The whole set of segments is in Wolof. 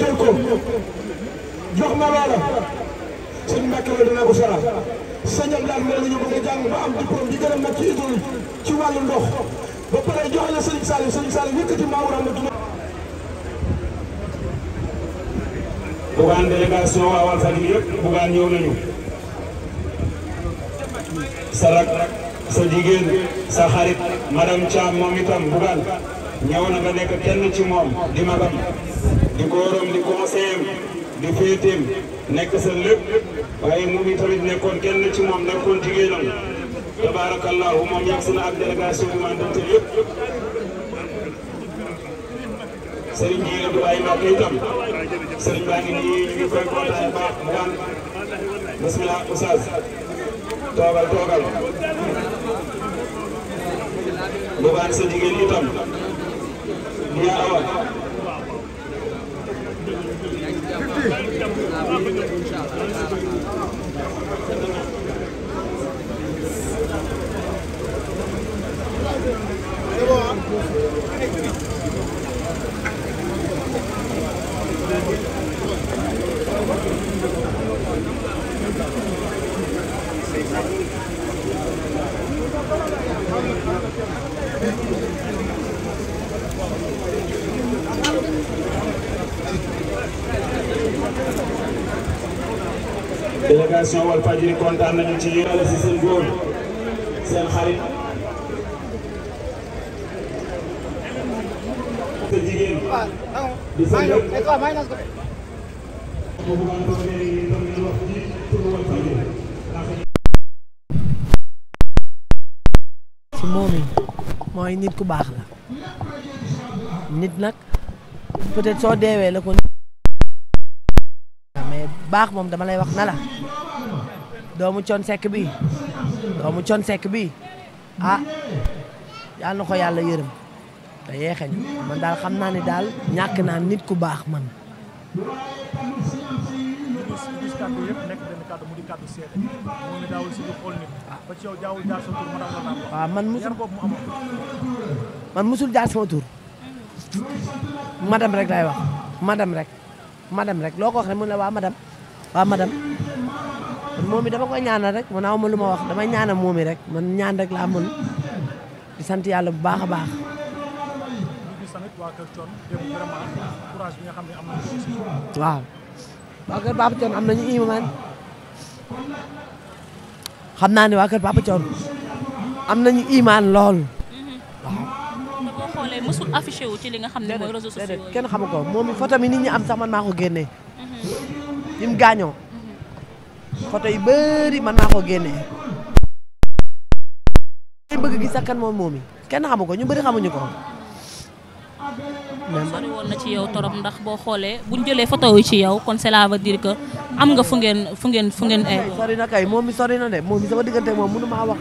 tër ko jox ma loola sëñ Mbacke la dina ko saral sëñam daal mel nañu bëgg a jàng ba am di gën a mag ci hydraulique ci wàllu ndox ba pare joxe la sëñ Salim sëñ Salim yëkkati maamu rahmatullah bugaan délégation waa Walfadjri yëpp bugaan ñëw di magam di góoram di conseil di féeteem nekk sa lépp waaye mu ngi tamit nekkoon kenn ci moom nekkoon jigéenam tabaarakallaahu moom yegg si na ak délégation bi man dem te yëpp sëriñ bi du bàyyi toogal toogal mu gan sa jigéen itam yaa awa a a 50 communication ci ngi doon moom yi mooy nit ku baax la nit nag peut-être soo deewee la ko mais baax moom dama lay wax na la doomu con sekk bi doomu con sekk bi ah yal na ko yàlla yërëm te yeexeñ man daal naa ne daal ñàkk naa nit ku baax man kàddu yëpp nekk benn kàddu mu di ma musul boobu mu amoon rek lay wax madame rek madame rek loo ko wax rek mu ne waaw madame waaw moom it dama koy ñaana rek man aw ma lu ma wax damay ñaanal moom it rek man ñaan rek laa mën di sant yàlla bu baax a baax. waaw. waa kër Papa Thione am nañu iman xam naa ne waa nañu iman lool. waaw. wu ci li nga xam ne mooy réseaux kenn xamu ko moom photo mi nit ñi am sax man maa ko génnee. Mhm. ni mu gaañoo. photo yu bëri man maa ko génnee dañ bëgg gis ak kan moom moom yi kenn xamu ko ñu bari xamuñu ko sori woon na ci yow torop ndax boo xoolee buñ jëlee photo yi ci yow kon cela veut dire que am nga fu ngeen fu ngeen fu ngeen ay sori na kay moom mi sori na de moom mi sama diggante moom mënu maa wax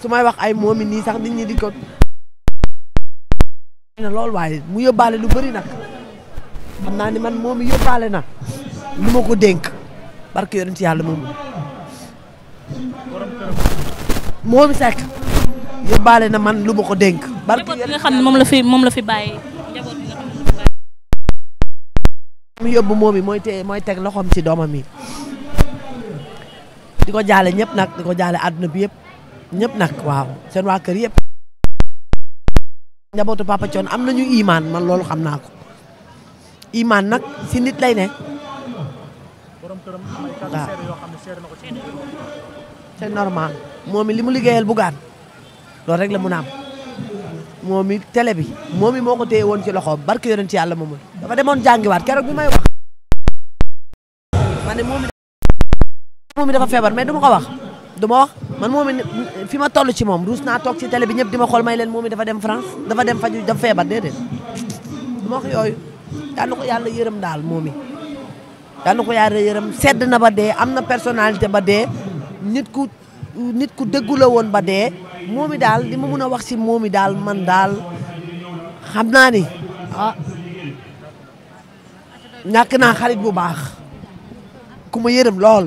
su may wax ay moom mi nii sax nit ñi di ko na loolu waaye mu yobbale lu bari nag xam naa ni man moom mi yóbbaale na lu ma ko dénk yoonu yonent yàlla moomu moomu sekk yóbbaale na man lu ma ko dénk. barke yonent nga xam ne moom la fi moom la fi bàyyi mu yóbbu moom yi mooy mooy teg loxoom ci doomam yi di ko jaale ñëpp nag di ko jaale àdduna bi yëpp ñëpp nag waaw seen waa kër yépp njabootu Papa Thione am na ñu imaan man loolu xam naa ko imaan nag si nit lay ne. këram ah, am ay na ko normal moom it li mu liggéeyal bugaan loolu rek la mun a am moom it télé bi moom it moo ko téye woon ci loxoom barke yonent ci yàlla moomul dafa demoon jàngiwaat keroog bi may wax dafa feebar mais du ma ko wax du wax man moom it fi ma toll ci moom ruus naa toog ci télé bi ñëpp di xool may leen moom it dafa dem France dafa dem faju dafa feebar déedéet yooyu yàlla ko yàlla yërëm daal moom it yal na ko yàlla yërëm sedd na ba dee am na personnalité ba dee nit ku nit ku dëggu la woon ba dee moomi daal li ma mën a wax si moomi daal man daal xam naa ni ah ñàkk naa xarit bu baax ku ma yërëm lool